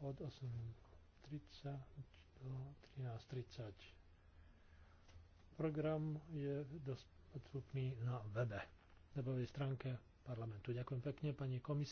od 8.30 do 13.30. Program je dostupný na webe, webovej stránke parlamentu. Ďakujem pekne, pani komisie.